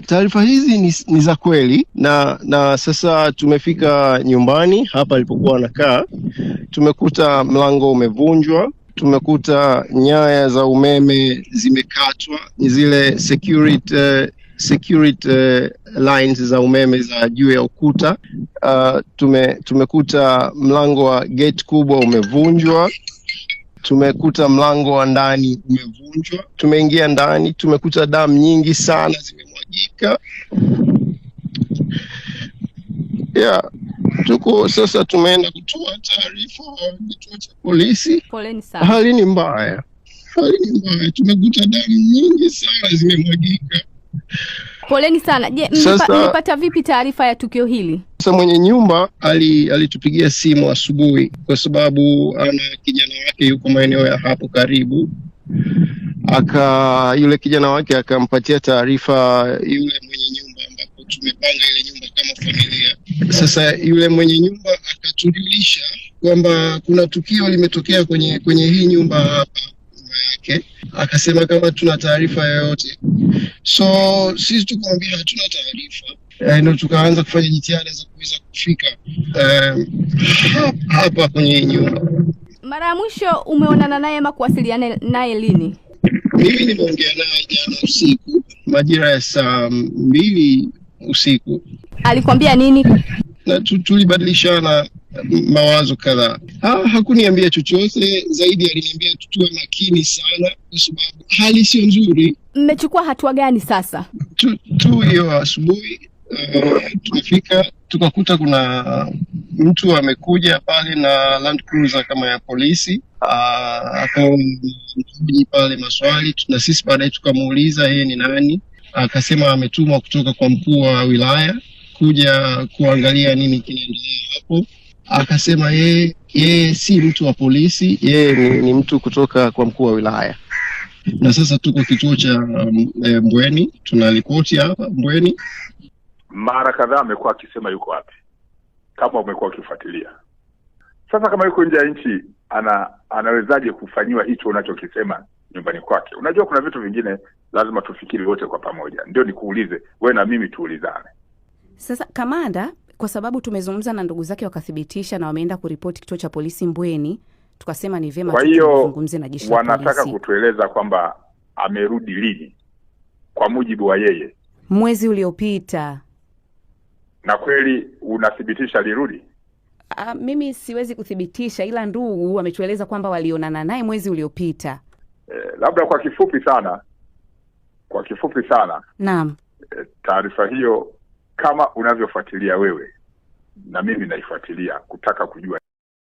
taarifa hizi ni, ni za kweli na na sasa tumefika nyumbani hapa alipokuwa anakaa, tumekuta mlango umevunjwa, tumekuta nyaya za umeme zimekatwa, ni zile security security lines za umeme za juu ya ukuta. Uh, tume, tumekuta mlango wa gate kubwa umevunjwa tumekuta mlango wa ndani umevunjwa. Tumeingia ndani, tumekuta damu nyingi sana zime kufanyika Yeah, tuko sasa, tumeenda kutoa taarifa kituo cha polisi. Hali ni mbaya, hali ni mbaya, tumekuta damu nyingi sana zimemwagika. Poleni sana. Je, mmepata vipi taarifa ya tukio hili? Sasa mwenye nyumba alitupigia ali simu asubuhi, kwa sababu ana kijana wake yuko maeneo ya hapo karibu aka yule kijana wake akampatia taarifa yule mwenye nyumba, ambapo tumepanga ile nyumba kama familia. Sasa yule mwenye nyumba akatujulisha kwamba kuna tukio limetokea kwenye kwenye hii nyumba hapa nyuma yake, akasema kama tuna taarifa yoyote. So sisi tukamwambia hatuna taarifa eh, ndo tukaanza kufanya jitihada za kuweza kufika eh, hapa kwenye hii nyumba. Mara ya mwisho umeonana naye ama kuwasiliana naye lini? Mimi nimeongea naye jana usiku majira ya saa mbili usiku. Alikwambia nini? Na tulibadilishana mawazo kadhaa. Ha, hakuniambia chochote zaidi, aliniambia tutuwe makini sana, kwa sababu hali sio nzuri. Mmechukua hatua gani sasa? Tu, tu hiyo asubuhi uh, eh, tumefika tukakuta kuna mtu amekuja pale na Land Cruiser kama ya polisi Ah, akawa nijipa pale maswali na sisi baadaye tukamuuliza yeye ni nani, akasema ametumwa kutoka kwa mkuu wa wilaya kuja kuangalia nini kinaendelea hapo. Akasema yeye yeye si mtu wa polisi, yeye ni, ni mtu kutoka kwa mkuu wa wilaya na sasa tuko kituo cha um, eh, Mbweni, tuna ripoti hapa Mbweni. Mara kadhaa amekuwa akisema yuko wapi, kama umekuwa ukifuatilia. Sasa kama yuko nje ya nchi, ana anawezaje kufanyiwa hicho unachokisema nyumbani kwake? Unajua, kuna vitu vingine lazima tufikiri wote kwa pamoja. Ndio nikuulize wewe na mimi tuulizane sasa, kamanda, kwa sababu tumezungumza na ndugu zake wakathibitisha na wameenda kuripoti kituo cha polisi Mbweni, tukasema ni vyema tuzungumze na jeshi Wanataka kutueleza kwamba amerudi lini, kwa mujibu wa yeye, mwezi uliopita. Na kweli unathibitisha alirudi? Uh, mimi siwezi kuthibitisha ila ndugu wametueleza kwamba walionana naye mwezi uliopita. Eh, labda kwa kifupi sana, kwa kifupi sana. Naam. Eh, taarifa hiyo kama unavyofuatilia wewe na mimi naifuatilia kutaka kujua